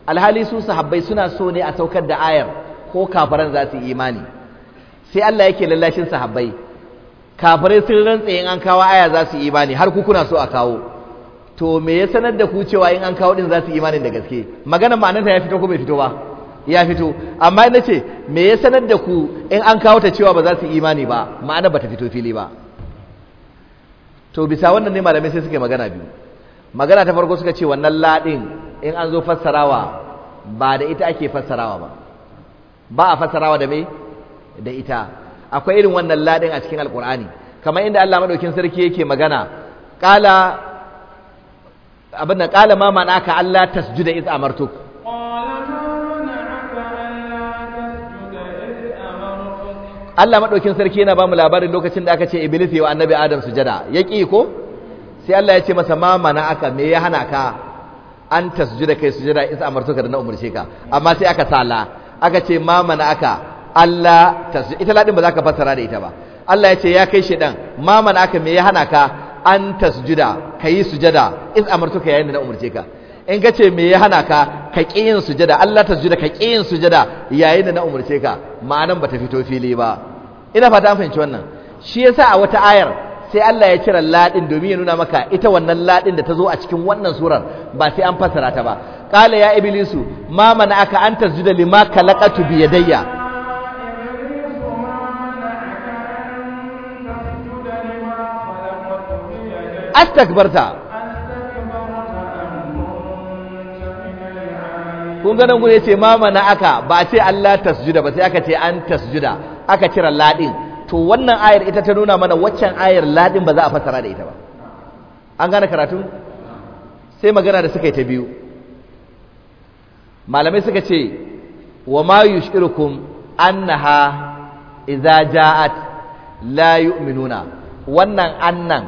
alhali su sahabbai suna so ne a saukar da ayar ko kafaran za su yi imani sai Allah yake lallashin sahabbai kafirai sun rantsa in an kawo aya za su yi imani har ku kuna so a kawo to me ya sanar da ku cewa in an kawo din za su yi imanin da gaske maganar ma'anarta ya fito ko bai fito ba ya fito amma ina ce me ya sanar da ku in an kawo ta cewa ba za su yi imani ba ma'ana ba ta fito fili ba to bisa wannan ne malamai sai suke magana biyu magana ta farko suka ce wannan ladin in an zo fassarawa ba da ita ake fassarawa ba ba a fassarawa da me da ita akwai irin wannan ladin a cikin alkur'ani kamar inda Allah madaukin sarki yake magana qala abinda da qala ma ka Allah tasjuda iz amartuk Allah madaukin sarki yana ba mu labarin lokacin da aka ce iblis yawa annabi adam sujada ya ki ko sai Allah ya ce masa ma mana aka me ya hana ka an tasjuda kai sujada in amartuka da na umarce ka amma sai aka sala aka ce ma mana aka Allah tasjuda ita ladin ba za ka fassara da ita ba Allah ya ce ya kai shedan ma mana aka me ya hana ka an tasjuda kai sujada in amartuka yayin da na umarce ka in ka ce me ya hana ka ka ƙi yin sujada Allah ta sujada ka ƙi yin sujada yayin da na umarce ka ma'anan ba ta fito fili ba ina fata an fahimci wannan shi yasa a wata ayar sai Allah ya cire ladin domin ya nuna maka ita wannan ladin da ta zo a cikin wannan surar ba sai an fassara ta ba qala ya iblisu ma aka an tasjuda lima kalaqatu bi yadayya astakbarta kun ga nan gure yace ma mana aka ba ce Allah tasjuda ba sai aka ce an tasjuda aka cira ladin to wannan ayar ita ta nuna mana waccan ayar ladin ba za a fassara da ita ba an gane karatu sai magana da suka yi ta biyu malamai suka ce wa ma yushirukum annaha idza ja'at la yu'minuna wannan annan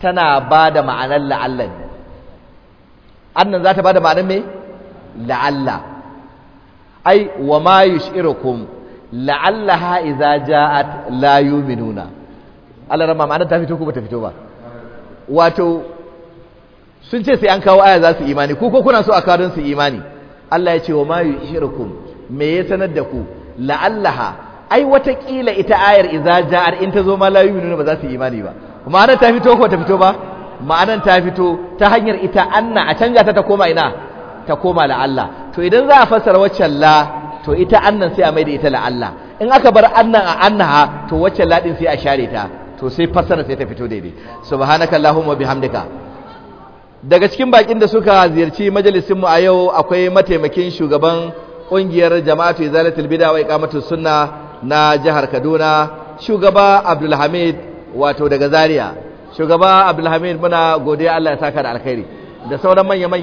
tana bada ma'anar la'allan annan za ta bada ma'anar me la'alla ai wa ma yushirukum la'allaha idza ja'at la yu'minuna Allah rama ma'ana ta fito ko bata fito ba wato sun ce sai an kawo aya za su imani ko ko kuna so a kawo su imani Allah ya ce wa ma yushirukum me ya sanar da ku la'allaha ai watakila ita ayar idza ja'at in ta zo ma la yu'minuna ba za su imani ba ma'anar ta fito ko ta fito ba ma'anar ta fito ta hanyar ita anna a canja ta ta koma ina ta koma la Allah to idan za a fassara waccan la to ita annan sai a mai da ita la Allah in aka bar annan a annaha to waccan la din sai a share ta to sai fassara sai ta fito daidai subhanakallahumma bihamdika daga cikin bakin da suka ziyarci majalisin mu a yau akwai mataimakin shugaban kungiyar jama'atu izalatul bid'a wa iqamatu sunna na jihar Kaduna shugaba Abdulhamid wato daga Zaria shugaba Abdulhamid muna godiya Allah ya saka da alkhairi da sauran manya